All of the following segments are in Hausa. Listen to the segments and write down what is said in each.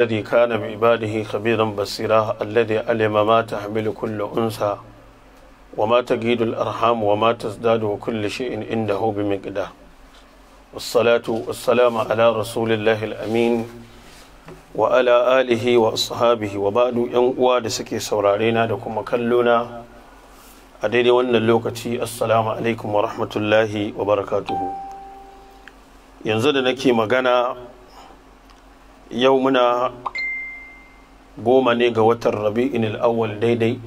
الذي كان بعباده خبيرا بصيرا الذي علم ما تحمل كل أنثى وما تجيد الأرحام وما تزداد وكل شيء عنده بمقدار والصلاة والسلام على رسول الله الأمين وعلى آله وأصحابه وبعد ينقوى دسكي سورارينا دكم كلنا أدري وأن اللوكتي السلام عليكم ورحمة الله وبركاته ينزل نكي مغانا yau muna goma ne ga watan rabi'in al'awwal daidai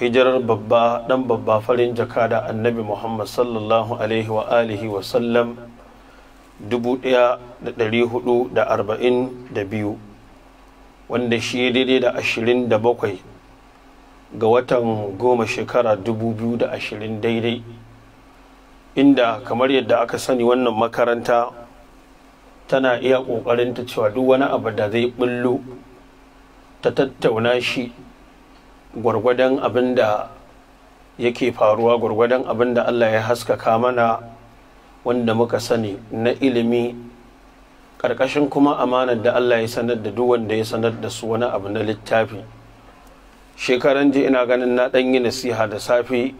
hijirar babba dan babba farin jaka da annabi muhammad sallallahu alaihi wa alihi wa sallam biyu wanda shi daidai da ashirin da bakwai ga watan goma shekara dubu biyu da ashirin daidai inda kamar yadda aka sani wannan makaranta tana iya ƙoƙarin ta cewa duk wani abu da zai ɓullo ta tattauna shi gwargwadon abin da yake faruwa gwargwadon abin da Allah ya haskaka mana wanda muka sani na ilimi ƙarƙashin kuma amanar da Allah ya sanar da duk wanda ya sanar da su wani abu na littafi shekaran ji ina ganin na ɗan yi nasiha da safe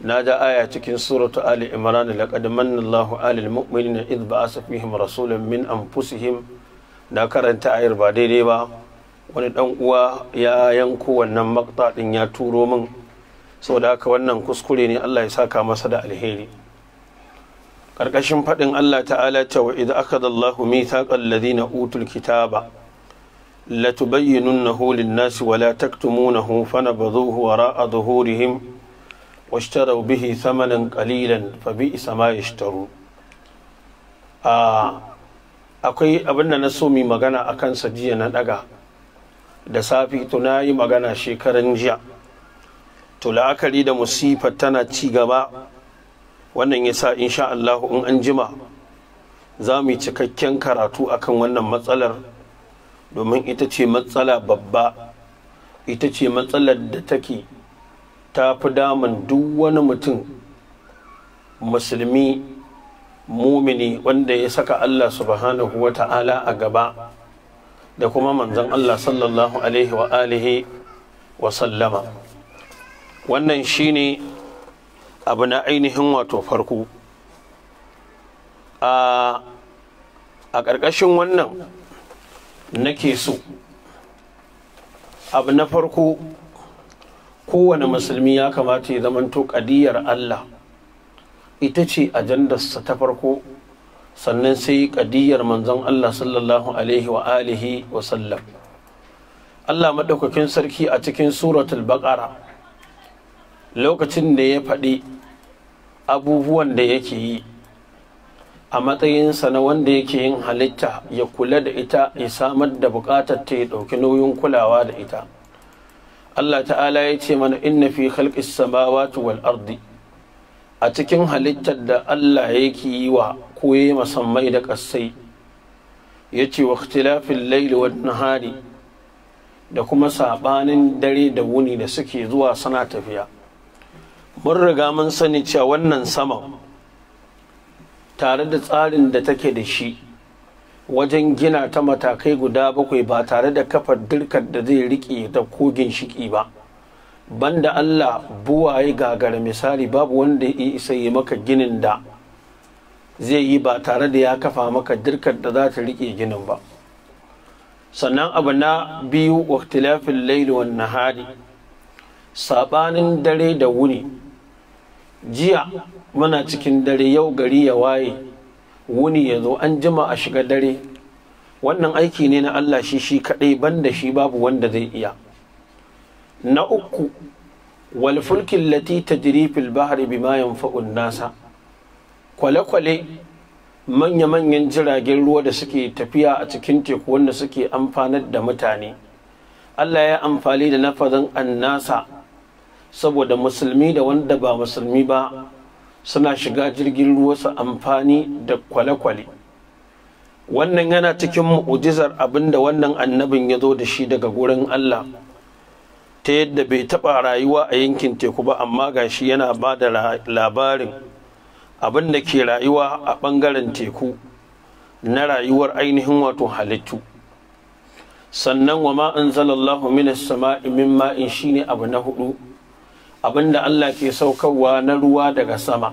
na da aya cikin suratu ali imran laqad manna Allahu alal mu'minina id ba'asa fihim rasulan min anfusihim na karanta ayar ba daidai ba wani dan uwa ya yanko wannan makta din ya turo min saboda haka wannan kuskure ne Allah ya saka masa da alheri karkashin fadin Allah ta'ala ta wa id akada Allahu mithaqal ladina utul kitaba latubayyinunahu lin-nasi wa la taktumunahu fanabadhuhu wara'a dhuhurihim واشتروا به ثمنا قليلا فبئس ما يشترون akwai da na so mi magana a kansa jiya na daga da safi to na yi magana shekaran jiya to la'akari da musifa tana ci gaba wannan ya sa insha Allah in an jima za mu yi cikakken karatu akan wannan matsalar domin ita ce matsala babba ita ce matsalar da take ta fi damun duk wani mutum musulmi mumini wanda ya saka Allah subhanahu wa ta'ala a gaba da kuma manzan Allah sallallahu alaihi wa alihi wa sallama wannan shine abu na ainihin wato farko a ƙarƙashin wannan nake so abu na farko kowane musulmi ya kamata ya zamanto ƙadiyar Allah ita ce ajandarsa ta farko sannan sai ƙadiyar manzon Allah sallallahu alaihi wa alihi wa sallam Allah maɗaukakin sarki a cikin suratul baƙara lokacin da ya faɗi abubuwan da yake yi a matsayinsa na wanda yake yin halitta ya kula da ita ya samar da buƙatar ta ya ɗauki nauyin kulawa da ita Allah ta'ala ya ce mana inna fi khalqis samawati wal ardi a cikin halittar da Allah yake yi wa koye masammai da kassai, ya ce wa ikhtilafin laili wa nahari da kuma saɓanin dare da wuni da suke zuwa sana tafiya mun riga mun sani cewa wannan sama tare da tsarin da take da shi wajen gina ta matakai guda bakwai ba tare da kafa dirkar da zai riƙe da kogin shiƙi ba banda Allah buwaye gagara misali babu wanda ya isa yi maka ginin da zai yi ba tare da ya kafa maka dirkar da za ta riƙe ginin ba sannan abu na biyu waktilafin laili na nahari saɓanin dare da wuni jiya muna cikin dare yau gari ya waye wuni ya zo an jima a shiga dare wannan aiki ne na Allah shi shi kaɗai banda shi babu wanda zai iya na uku walfulkin lati ta jirifil bahari mayan faun nasa kwale-kwale manya-manyan jiragen ruwa da suke tafiya a cikin teku wanda suke amfanar da mutane Allah ya amfani da nafazin nasa saboda musulmi da wanda ba musulmi ba suna shiga jirgin ruwa su amfani da kwale-kwale wannan yana cikin mu'ujizar abinda wannan annabin ya zo da shi daga gurin Allah ta yadda bai taɓa rayuwa a yankin teku ba amma ga shi yana ba da labarin abin da ke rayuwa a ɓangaren teku na rayuwar ainihin wato halittu sannan wa ma'an zalallahu minas sama'i min ma'in shine abu na hudu abinda Allah ke saukarwa na ruwa daga sama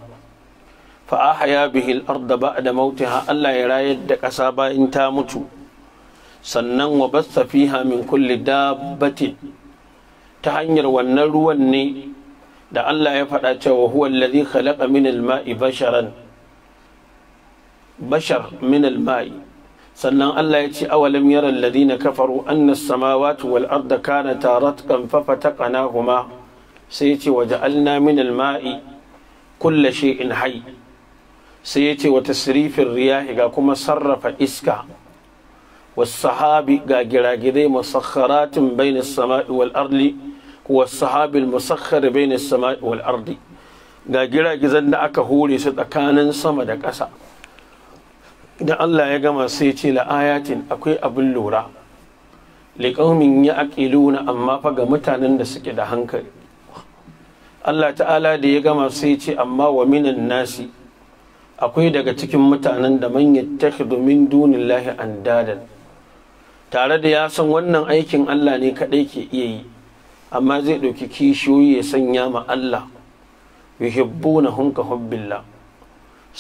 fa ahya bihi al-ard ba'da mautiha Allah ya rayar da ƙasa bayan ta mutu sannan wa basta fiha min kulli dabbatin ta hanyar wannan ruwan ne da Allah ya faɗa cewa huwa allazi khalaqa min al-ma'i basharan bashar min al-ma'i sannan Allah ya ce awalam yara alladhina kafaru anna as-samawati wal arda kanata ratqan fafataqnahuma sai yace waja'alna min al-ma'i kulli shay'in sai yace wa tasrifin riyahi ga kuma sarrafa iska والصحابي غاغراغيدي مسخرات بين السماء والارض والصحابي المسخر بين السماء والارض غاغراغيزن da aka hore su tsakanin sama da ƙasa da Allah ya gama sai ce la ayatin akwai abin lura ya aƙiluna amma fa ga mutanen da suke da hankali Allah ta'ala da ya gama sai ce amma wa minan nasi akwai daga cikin mutanen da man yattakhidhu min dunillahi andadan tare da ya san wannan aikin Allah ne kadai ke iya yi amma zai ɗauki kishiyoyi ya sanya ma Allah yuhibbunahum ka hubbillah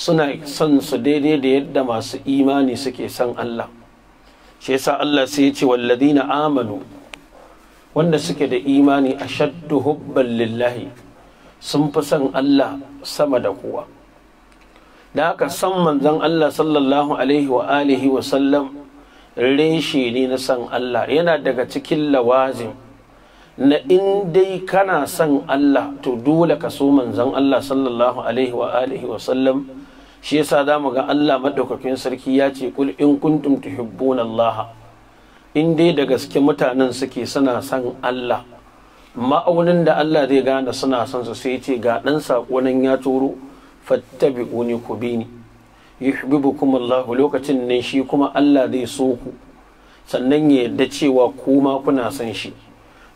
suna son su daidai da yadda masu imani suke son Allah shi yasa Allah sai ya ce walladina amanu wanda suke da imani a ashaddu hubban lillahi sun fi son Allah sama da kowa da haka san manzon Allah sallallahu alaihi wa alihi wa sallam reshe ne na san Allah yana daga cikin lawazin na in dai kana son Allah to dole ka so manzon Allah sallallahu alaihi wa alihi wa sallam shi yasa mu ga Allah maɗaukakin sarki ya ce kul in kuntum tuhibbuna Allah in dai da gaske mutanen suke suna son Allah ma'aunin da Allah zai gane suna son su sai ce ga ɗan sakonin ya turo fattabi'uni ku bi ni yuhibbukum Allah lokacin ne shi kuma Allah zai so ku sannan ya yarda cewa kuma kuna son shi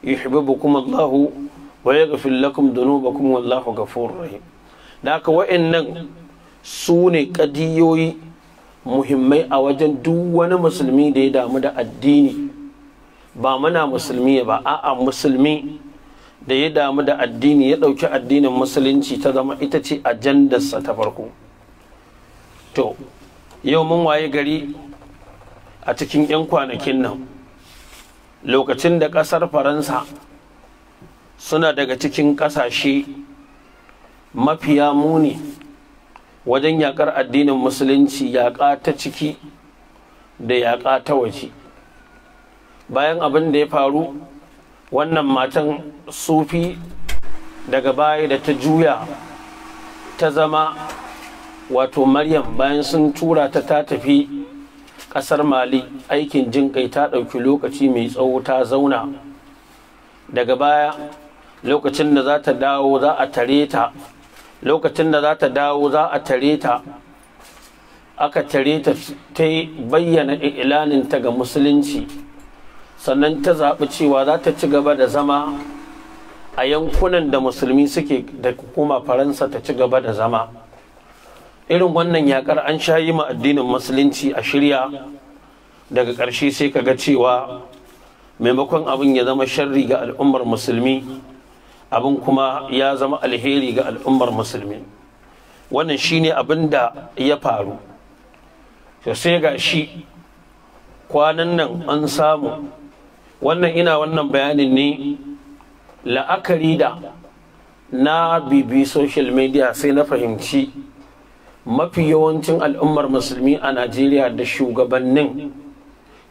yuhibbukum Allah wa yaghfir lakum dhunubakum wallahu ghafurur rahim da haka wa'annan su ne kadiyoyi muhimmai a wajen duk wani musulmi da ya damu da addini ba muna musulmi ba a'a musulmi da ya damu da addini ya ɗauki addinin musulunci ta zama ita ce ajandarsa ta farko to yau mun waye gari a cikin 'yan kwanakin nan lokacin da ƙasar faransa suna daga cikin ƙasashe mafiya muni wajen yaƙar addinin musulunci yaƙa ta ciki da yaƙa ta waje bayan abin da ya faru wannan matan sufi daga baya da ta juya ta zama wato maryam bayan sun tura ta ta tafi ƙasar mali aikin jin kai ta ɗauki lokaci mai tsawo ta zauna daga baya lokacin da za ta dawo za a tare ta lokacin da za ta dawo za a tare ta aka tare ta ta bayyana ilaninta ga musulunci sannan ta zaɓi cewa za ta ci gaba da zama a yankunan da musulmi suke da hukuma faransa ta ci gaba da zama irin wannan yakar an sha yi ma addinin musulunci a shirya daga ƙarshe sai ka ga cewa maimakon abin ya zama sharri ga al'ummar musulmi abin kuma ya zama alheri ga al'ummar musulmi wannan shi ne abin da ya faru to sai ga shi kwanan nan an samu wannan ina wannan bayanin ne la'akari da na bibi social media sai na fahimci mafi yawancin al'ummar musulmi a najeriya da shugabannin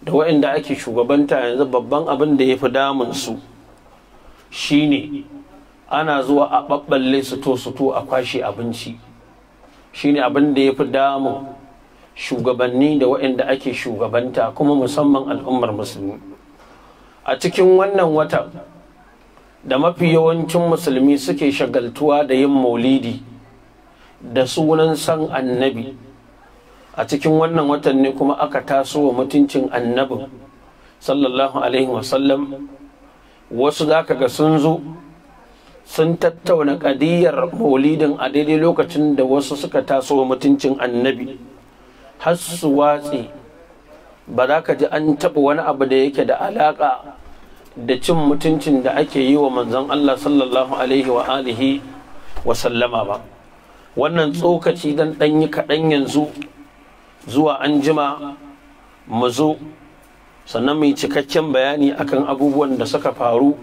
da waɗanda ake shugabanta yanzu babban abin da ya fi damunsu shine ana zuwa a ɓaɓɓalle su to su to a kwashe abinci shine abin da ya fi damun shugabanni da waɗanda ake shugabanta kuma musamman al'ummar musulmi a cikin wannan watan da mafi yawancin musulmi suke shagaltuwa da yin maulidi da sunan san annabi a cikin wannan watan ne kuma aka taso wa mutuncin annabin sallallahu alaihi wasallam wasu za ka ga sun zo sun tattauna ƙadiyar maulidin a daidai lokacin da wasu suka taso mutuncin annabi har su watsi ba za ka ji an taɓa wani abu da yake da alaƙa da cin mutuncin da ake yi wa manzon Allah sallallahu alaihi wa alihi wa sallama ba wannan tsokaci dan ɗanyi kaɗan yanzu zuwa an jima mu zo sannan mai cikakken bayani akan abubuwan da suka faru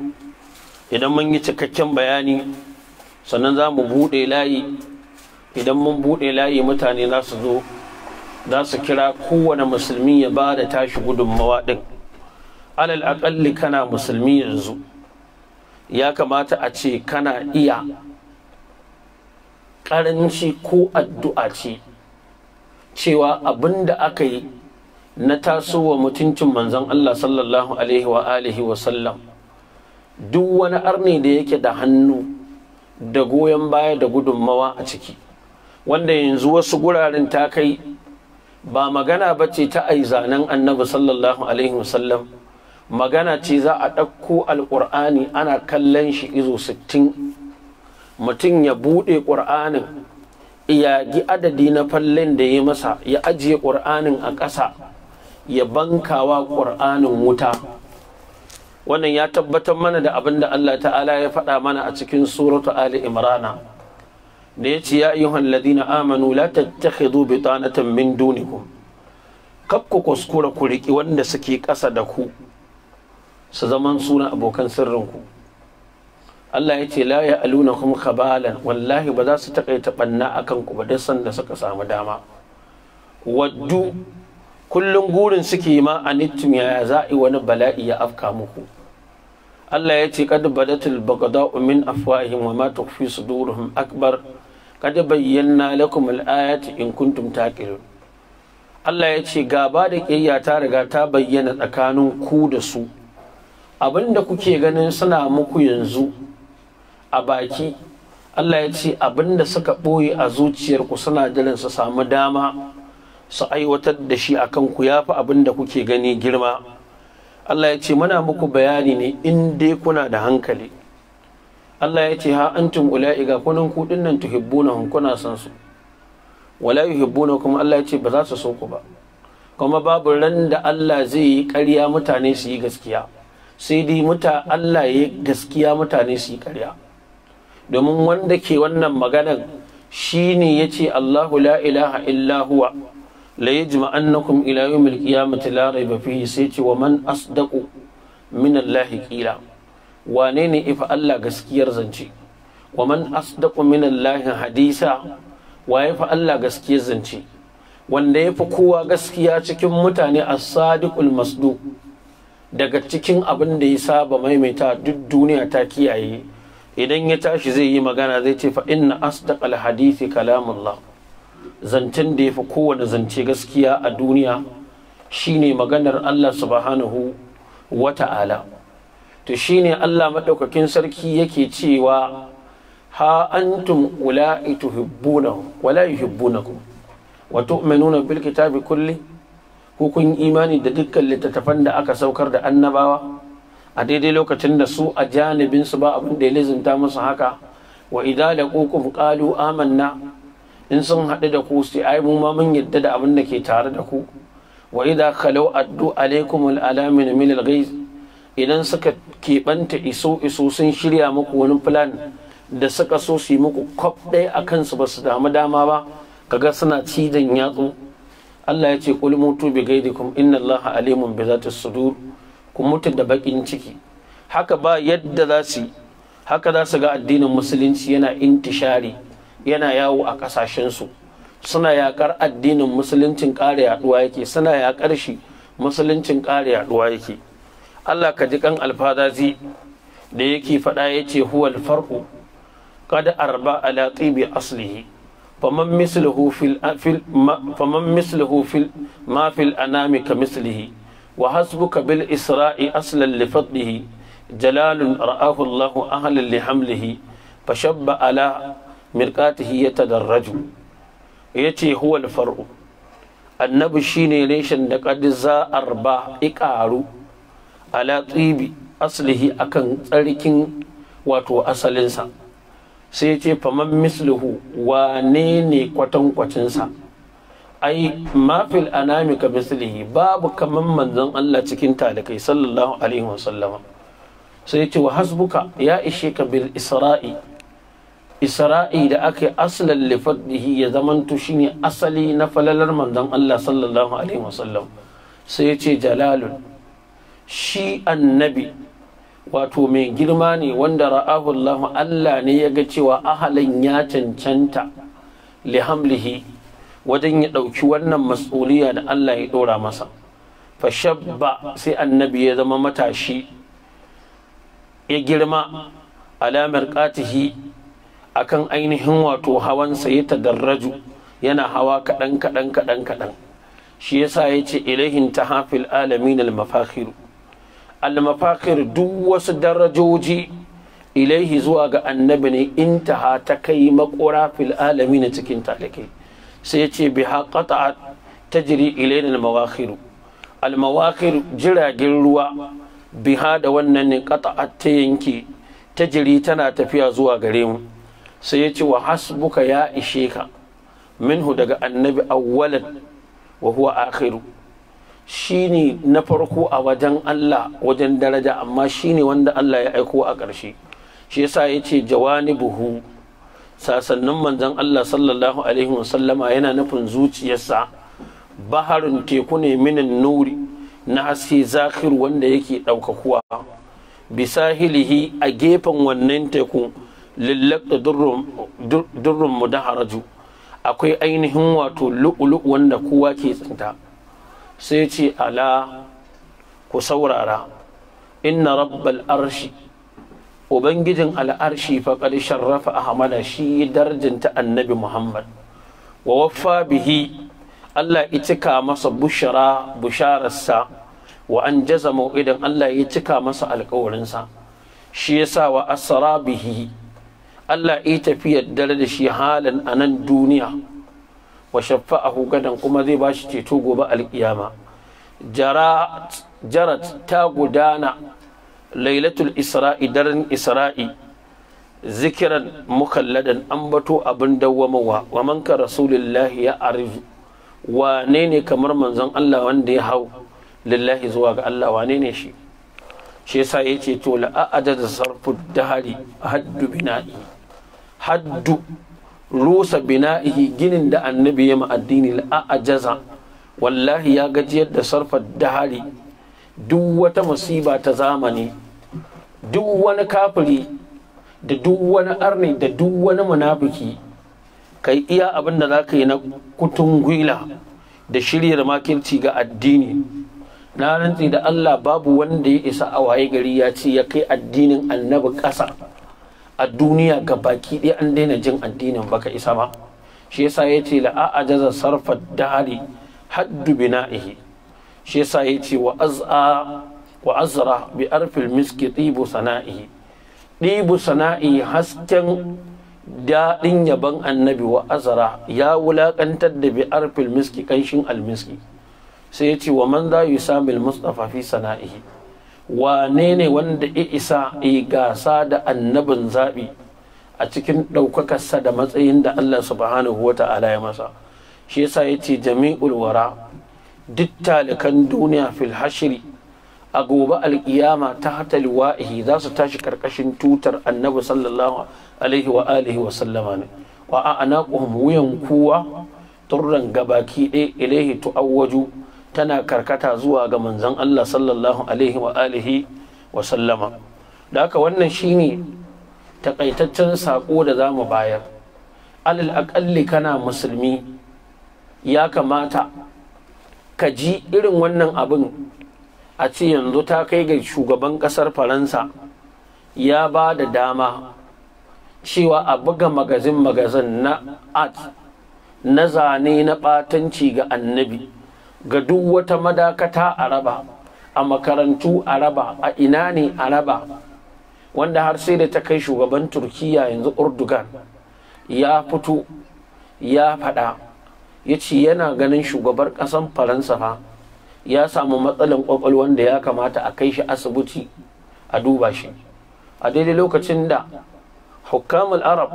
idan mun yi cikakken bayani sannan za mu buɗe layi idan mun buɗe layi mutane za su zo za su kira kowane musulmi ya ba da tashi gudunmawa ɗin alal aƙalli kana musulmi yanzu ya kamata a ce kana iya ƙaranci ko addu'a ce cewa abin da aka yi na tasowa mutuncin manzon Allah sallallahu alaihi wa alihi wa sallam duk wani arni da yake da hannu da goyon baya da gudunmawa a ciki wanda yanzu wasu guraren ta kai ba magana ba ce ta zanen annabi sallallahu alaihi wasallam magana ce za a ɗauko alƙur'ani ana kallon shi izo sittin mutum ya buɗe ƙur'anin iyagi adadi na fallin da ya masa ya ajiye ƙur'anin a ƙasa ya bankawa ƙur'anin wuta wannan ya tabbatar mana da abin da Allah ta'ala ya faɗa mana a cikin suratu Ali Imrana da ya ce ya ayyuhan ladina amanu la tattakhidhu bitanatan min dunikum kakku kuskura ku riƙi wanda suke ƙasa da ku su zaman suna abokan sirrinku Allah ya ce la ya aluna kuma kabalan wallahi ba za su takaita banna akan ku ba duk sanda suka samu dama waddu kullum gurin suke ma a nittum yaya za a yi wani bala'i ya afka muku Allah ya ce kad badatul baghda'u min afwahihim wa ma tukhfi suduruhum akbar kad bayyana lakum al-ayati in kuntum taqilun Allah ya ce gaba da ƙiyayya ta riga ta bayyana tsakanin ku da su abin da kuke ganin suna muku yanzu a baki Allah ya ce abin da suka ɓoye a zuciyarku suna jiran su samu dama su aiwatar da shi a kanku ya fi abin da kuke gani girma Allah ya ce muna muku bayani ne in dai kuna da hankali Allah ya ce ha antum ula'i ga kunan ku dinnan tuhibbuna hun kuna san su wala yuhibbuna kuma Allah ya ce ba za su so ku ba kuma babu ran da Allah zai yi ƙarya mutane su yi gaskiya sai dai muta Allah ya gaskiya mutane su yi ƙarya domin wanda ke wannan maganan shine yace Allahu la ilaha illa huwa la yajma annakum ila yawmil qiyamati la rayba fihi sai ce wa man asdaqu min Allah qila wane ne ifa Allah gaskiyar zance wa man asdaqu min Allah hadisa wa fi Allah gaskiyar zance wanda ya fi kowa gaskiya cikin mutane as-sadiqul masduq daga cikin abin da ya saba maimaita duk duniya ta kiyaye idan ya tashi zai yi magana zai ce fa inna asdaqal hadithi kalamullah zancen da ya fi kowane zance gaskiya a duniya shine maganar Allah subhanahu wa ta'ala to shine Allah madaukakin sarki yake cewa ha antum ula'i tuhibbunahum wala yuhibbunakum wa tu'minuna bil kitabi kulli ko kun imani da dukkan littattafan da aka saukar da annabawa a daidai lokacin da su a janibin su ba abin da ya lizinta musu haka wa idza laqukum qalu amanna in sun haɗu da ku sai ai mu ma mun yadda da abin da ke tare da ku wa idza khalu addu alaikum alamin min alghayz idan suka keɓanta iso iso sun shirya muku wani plan da suka so su yi muku kwaf ɗaya a kansu ba su damu dama ba kaga suna cidan yatsu Allah ya ce qul mutu bi ghaidikum inna Allaha alimun bi zati sudur ku mutu da bakin ciki haka ba yadda za su haka za su ga addinin musulunci yana intishari yana yawo a kasashen su suna yakar addinin musuluncin kare yaduwa yake suna yakar shi musuluncin ƙara yaduwa yake Allah ka ji kan alfadazi da yake faɗa yace huwal farqu qad arba ala tibi aslihi فمن مثله في في فمن مثله في ما في الأنام كمثله وحسبك بالإسراء أصلا لفضله جلال رآه الله أهلا لحمله فشب على مرقاته يتدرج يتي هو الفرع النبي شيني ليشن لقد زا أربع اكارو على طيب أصله أكن تلكين واتو أصلنسا sai ce faman mislihu wane ne kwatankwacinsa ai mafil anami ka mislihi babu kaman manzon Allah cikin talikai sallallahu alaihi wasallama sai ce wa hasbuka ya ishe ka bil isra'i isra'i da aka yi asalin lifaddihi ya zamanto shine asali na falalar manzon Allah sallallahu alaihi wasallam sai ce jalalun shi annabi wato mai girma ne wanda ra'ahu Allah Allah ne ya ga cewa ahalin ya cancanta lihamlihi hamlihi wajen ya ɗauki wannan mas'uliya da Allah ya ɗora masa fashabba sai annabi ya zama matashi ya girma alamar katihi akan ainihin wato hawansa ya tadarraju yana hawa kaɗan kaɗan kaɗan kaɗan shi yasa ya ce ilahin ta hafil alamin al-mafakhiru almafakir duk wasu darajoji ilaihi zuwa ga annabi ne intaha ta kai makura fil alami na cikin talake sai ya ce biha ta tajri ilaina almawakhir almawakhir jiragen ruwa biha da wannan ne qata'at ta yanke tajri tana tafiya zuwa gare mu sai ya ce wa hasbuka ya ishe ka minhu daga annabi awwalan wa huwa akhiru shine na farko a wajen Allah wajen daraja amma shine wanda Allah ya aiko a ƙarshe shi yasa ya ce buhu sasannin manzon Allah sallallahu alaihi wasallama yana nufin zuciyarsa baharin teku ne minin nuri na haske zakir wanda yake ɗaukakuwa hilihi a gefen wannan teku lillakta durrun haraju akwai ainihin wato lu'ulu wanda kowa ke tsinta sai ce ala ku saurara inna rabbal arshi ubangijin al'arshi fa qad sharrafa ahmada shi darjinta annabi muhammad wa waffa bihi Allah ya cika masa bushara bushararsa wa an jaza mau'idan Allah ya cika masa alƙawarinsa shi yasa wa asara bihi Allah ya tafi dare da shi halan anan duniya wa shaffa'ahu gadan kuma zai bashi ceto gobe alkiyama jarat ta gudana lailatul isra'i daren isra'i zikiran mukalladan an bato abin dawwamawa wa man ka rasulillahi ya arifu wane ne kamar manzon Allah wanda ya hau lillahi zuwa ga Allah wane ne shi shi yasa yace to la a'adad sarfu dahari haddu bina'i haddu rusa bina'ihi ginin da annabi ya maaddini addini la'ajaza wallahi ya gajiyar da sarfa dahari duk wata musiba ta zamani duk wani kafiri da duk wani arni da duk wani munafiki kai iya abin da za ka yi na kutun gwila da shirya makirci ga addini na rantsi da Allah babu wanda ya isa a waye gari ya ce ya kai addinin annabi ƙasa a duniya ga baki ɗaya an daina jin addinin baka isa ba shi yasa ya ce la'a jaza sarfa dahari haddu bina'ihi shi yasa ya ce wa az'a wa azra bi arfil miski ɗibu sana'i ɗibu sana'i hasken daɗin yaban annabi wa azra ya wulaƙantar da bi arfil miski ƙanshin almiski sai ya ce wa man za yi samil mustafa fi sana'ihi wane ne wanda ya isa yi gasa da annabin zaɓi a cikin ɗaukakarsa da matsayin da Allah subhanahu wa ta'ala ya masa shi yasa ya ce jami'ul wara duk talikan duniya fil hashiri a gobe alƙiyama ta hatal wa'ihi za su tashi karkashin tutar annabi sallallahu alaihi wa alihi wa sallama ne wa a wuyan kowa turran gabaki ɗaya ilaihi tu'awwaju tana karkata zuwa ga manzon Allah sallallahu alaihi wa alihi wa sallama da haka wannan shine taƙaitaccen sako da za mu bayar alal aƙalli kana musulmi ya kamata ka ji irin wannan abin a ce yanzu ta kai ga shugaban ƙasar faransa ya ba da dama cewa a buga magazin magazin na art na zane na ɓatanci ga annabi ga duk wata madakata a raba a makarantu a raba a ina ne a raba wanda har sai da ta kai shugaban turkiya yanzu urdugan ya fito ya faɗa ya ce yana ganin shugabar ƙasan faransa fa ya samu matsalan ƙwaƙwalwan da ya kamata a kai shi asibiti a duba shi a daidai lokacin da hukamul arab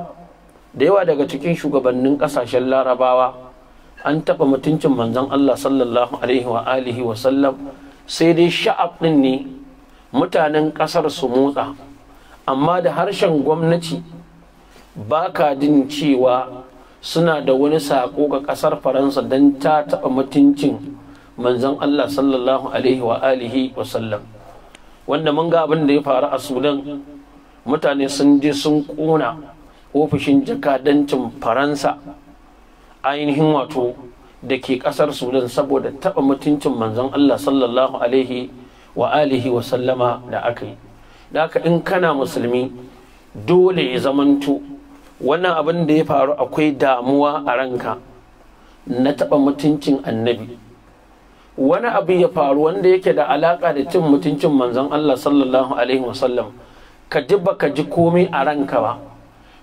da yawa daga cikin shugabannin ƙasashen larabawa an taɓa mutuncin manzon Allah sallallahu alaihi wa alihi wa sallam sai dai sha'ab ɗin ne mutanen ƙasar su motsa amma da harshen gwamnati ba ka jin cewa suna da wani saƙo ga ƙasar faransa don ta taɓa mutuncin manzon Allah sallallahu alaihi wa alihi wa sallam wanda mun ga abin da ya faru a sudan mutane sun je sun ƙona ofishin jakadancin faransa ainihin wato da ke ƙasar sudan saboda taɓa mutuncin manzon allah sallallahu alaihi wa alihi wa sallama da aka yi da haka in kana musulmi dole ya zamanto wannan abin da ya faru akwai damuwa a ranka na taba mutuncin annabi wani abu ya faru wanda yake da alaƙa da cin mutuncin manzon Allah sallallahu alaihi sallam ka ji ba ka ji komai a ranka ba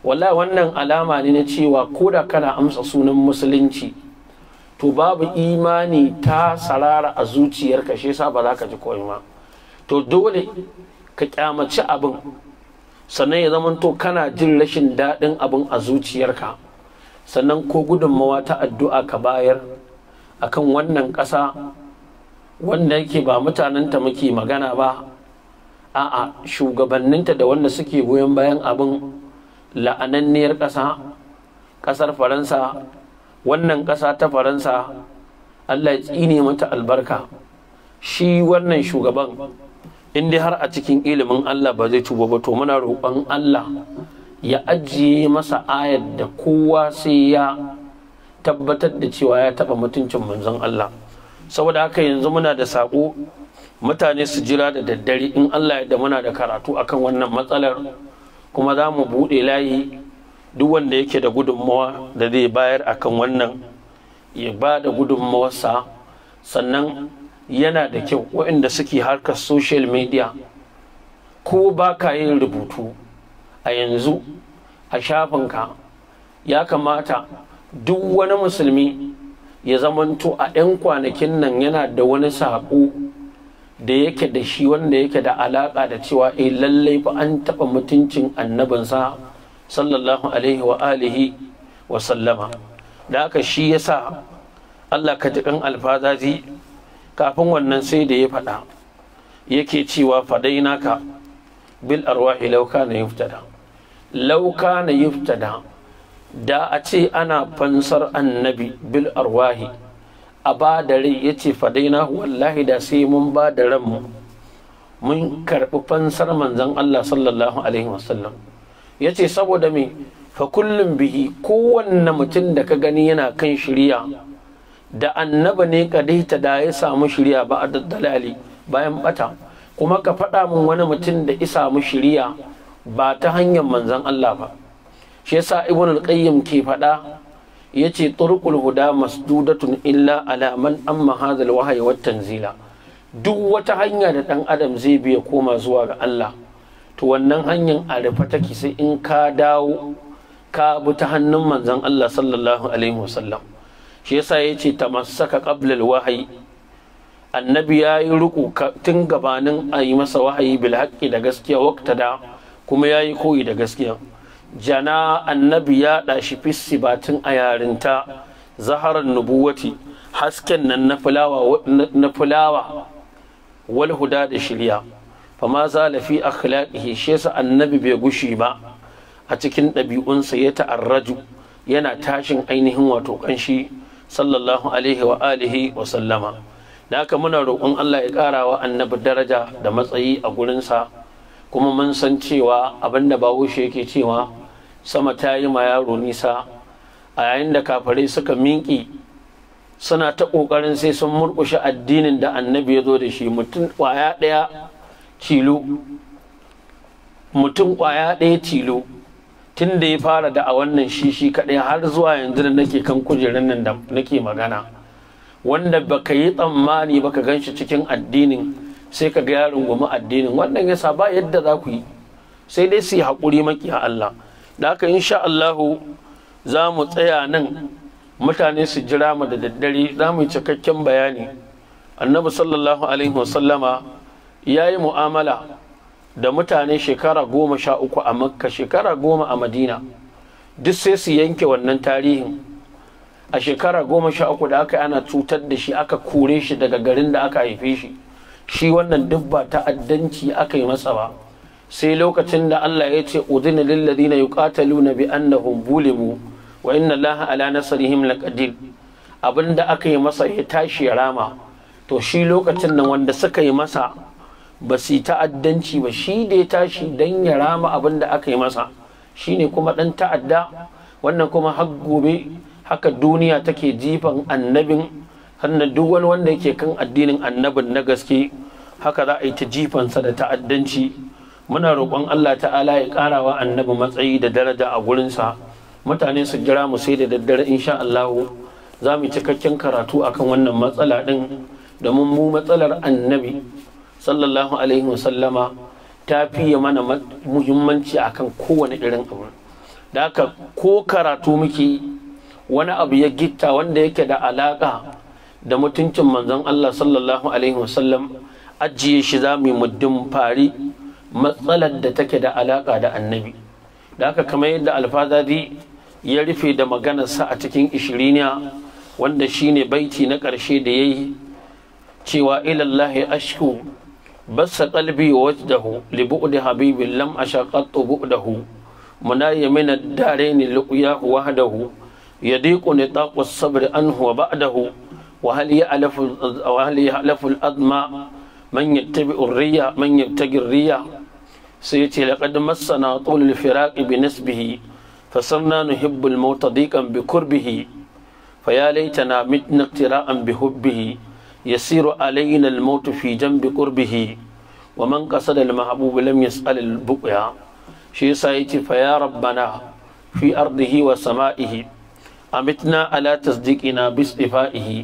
wallahi wannan alama ne na cewa ko da kana amsa sunan musulunci to babu imani ta sarara a zuciyarka shi yasa ba za ka ji koyi ma to dole ka kyamaci abin sannan ya zama to kana jin rashin daɗin abin a zuciyarka sannan ko gudunmawa ta addu'a ka bayar akan wannan ƙasa wanda yake ba mutanenta muke magana ba a'a shugabanninta da wanda suke goyon bayan abin la'ananniyar ƙasa ƙasar faransa wannan ƙasa ta faransa allah ya tsine mata albarka shi wannan shugaban inda har a cikin ilimin allah ba zai tuba ba to muna roƙon allah ya ajiye masa ayar da kowa sai ya tabbatar da cewa ya taɓa mutuncin manzon allah saboda haka yanzu muna da saƙo mutane su jira da daddare in allah ya da muna da karatu akan wannan matsalar kuma za mu buɗe layi duk wanda yake da gudunmawa da zai bayar a kan wannan ya ba da gudunmawarsa sannan yana da kyau waɗanda suke harkar social media ko ba ka yin rubutu a yanzu a shafinka ya kamata duk wani musulmi ya zamanto a 'yan kwanakin nan yana da wani saƙo da yake da shi wanda yake da alaƙa da cewa e lallai ba an taɓa mutuncin annabinsa sallallahu alaihi wa alihi wa sallama da aka shi yasa Allah ka ji kan alfazazi kafin wannan sai da ya faɗa yake cewa naka, bil arwahi lauka kana yuftada law kana yuftada da a ce ana fansar annabi bil arwahi a ba da rai ya ce fadaina wallahi da sai mun ba da ranmu mun karɓi fansar manzan Allah sallallahu alaihi wasallam ya ce saboda me fa kullum bihi kowanne mutum da ka gani yana kan shirya da annaba ne ka kadaita da ya samu shirya ba a dalali bayan bata kuma ka faɗa min wani mutum da ya samu shirya ba ta hanyar manzan Allah ba shi yasa ibn al-qayyim ke faɗa yace turkul huda masdudatun illa ala man amma hadhal wahyi wat tanzila duk wata hanya da dan adam zai biya koma zuwa ga Allah to wannan hanyar a rufe take sai in ka dawo ka bi ta hannun manzon Allah sallallahu alaihi wasallam shi yasa yace tamassaka qabla al wahayi annabi yi ruku tun gabanin a yi masa wahayi bil haqqi da gaskiya waqtada kuma ya yi koyi da gaskiya jana annabi ya shi fissi batin a yarinta zaharar nubuwati hasken nan na fulawa wal huda da shirya fama zalafi akhlaqihi shi yasa annabi bai gushi ba a cikin ɗabi'unsa ya ta'arraju yana tashin ainihin wato kanshi sallallahu alaihi wa muna roƙon Allah ya ƙara wa annabi daraja da matsayi a gurinsa kuma mun san cewa abinda bawo shi yake cewa sama ta yi ma yaro nisa a yayin da kafare suka minki suna ta ƙoƙarin sai sun murƙushe addinin da annabi ya zo da shi mutum kwaya ɗaya tilo mutum ƙwaya ɗaya tilo tun da ya fara da a wannan shishi shi kaɗai har zuwa yanzu da nake kan kujerun nan da nake magana wanda baka yi tsammani baka gan shi cikin addinin sai ka ga yaron goma addinin wannan yasa ba yadda za ku yi sai dai su yi haƙuri a Allah da haka insha Allahu za mu tsaya nan mutane su jira mu da daddare za mu yi cikakken bayani annabi sallallahu alaihi wasallama ya yi mu'amala da mutane shekara goma sha uku a makka shekara goma a madina duk sai su yanke wannan tarihin a shekara goma sha uku da aka yi ana cutar da shi aka kore shi daga garin da aka haife shi shi wannan duk ba ta'addanci aka yi masa ba sai lokacin da Allah ya ce udina lil ladina yuqataluna bi annahum bulimu wa inna Allaha ala nasrihim laqadir abinda aka yi masa ya tashi rama to shi lokacin nan wanda suka yi masa ba su ta'addanci ba shi da ya tashi dan ya rama abinda aka yi masa shine kuma dan ta'adda wannan kuma har gobe haka duniya take jifan annabin hanna duk wani wanda yake kan addinin annabin na gaske haka za a yi ta jifansa da ta'addanci muna roƙon Allah ta'ala ya ƙara wa annabi matsayi da daraja a gurinsa mutane su jira mu sai da daddare insha Allah za mu cikakken karatu akan wannan matsala ɗin domin mu matsalar annabi sallallahu alaihi wasallama ta fiye mana muhimmanci akan kowane irin abu da haka ko karatu muke wani abu ya gitta wanda yake da alaƙa da mutuncin manzon Allah sallallahu alaihi wasallam ajiye shi za mu muddin fari matsalar da take da alaƙa da annabi da haka kamar yadda alfazari ya rufe da maganarsa a cikin ishiriniya wanda shine baiti na ƙarshe da ya yi cewa ilallahi ashku bassa qalbi wa wajdahu li bu'di habibin lam ashaqattu bu'dahu munaya min ad-darain luqya wahdahu yadiqu nitaqu as-sabr anhu wa ba'dahu wa hal ya'lafu wa hal ya'lafu al-adma من يتبع الريا من يبتغ الريا سيتي لقد مسنا طول الفراق بنسبه فصرنا نحب الموت ضيقا بقربه فيا ليتنا متنا اقتراء بحبه يسير علينا الموت في جنب قربه ومن قصد المحبوب لم يسأل البقيا شي سايتي فيا ربنا في أرضه وسمائه أمتنا على تصديقنا باصطفائه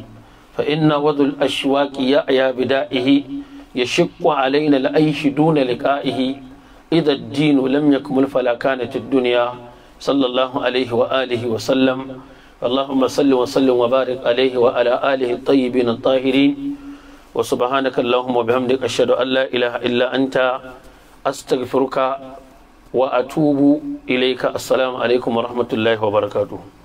فإن وذو الأشواك يأيا بدائه ya shiqqa alaina al'aishi duna liqa'ihi idha ad-din lam yakmul fala kanat ad-dunya sallallahu alaihi wa alihi wa sallam allahumma salli wa sallim wa barik alaihi wa ala alihi at-tayyibin at-tahirin wa subhanaka allahumma wa bihamdika ashhadu an illa anta astaghfiruka wa atubu ilayka assalamu alaikum wa rahmatullahi wa barakatuh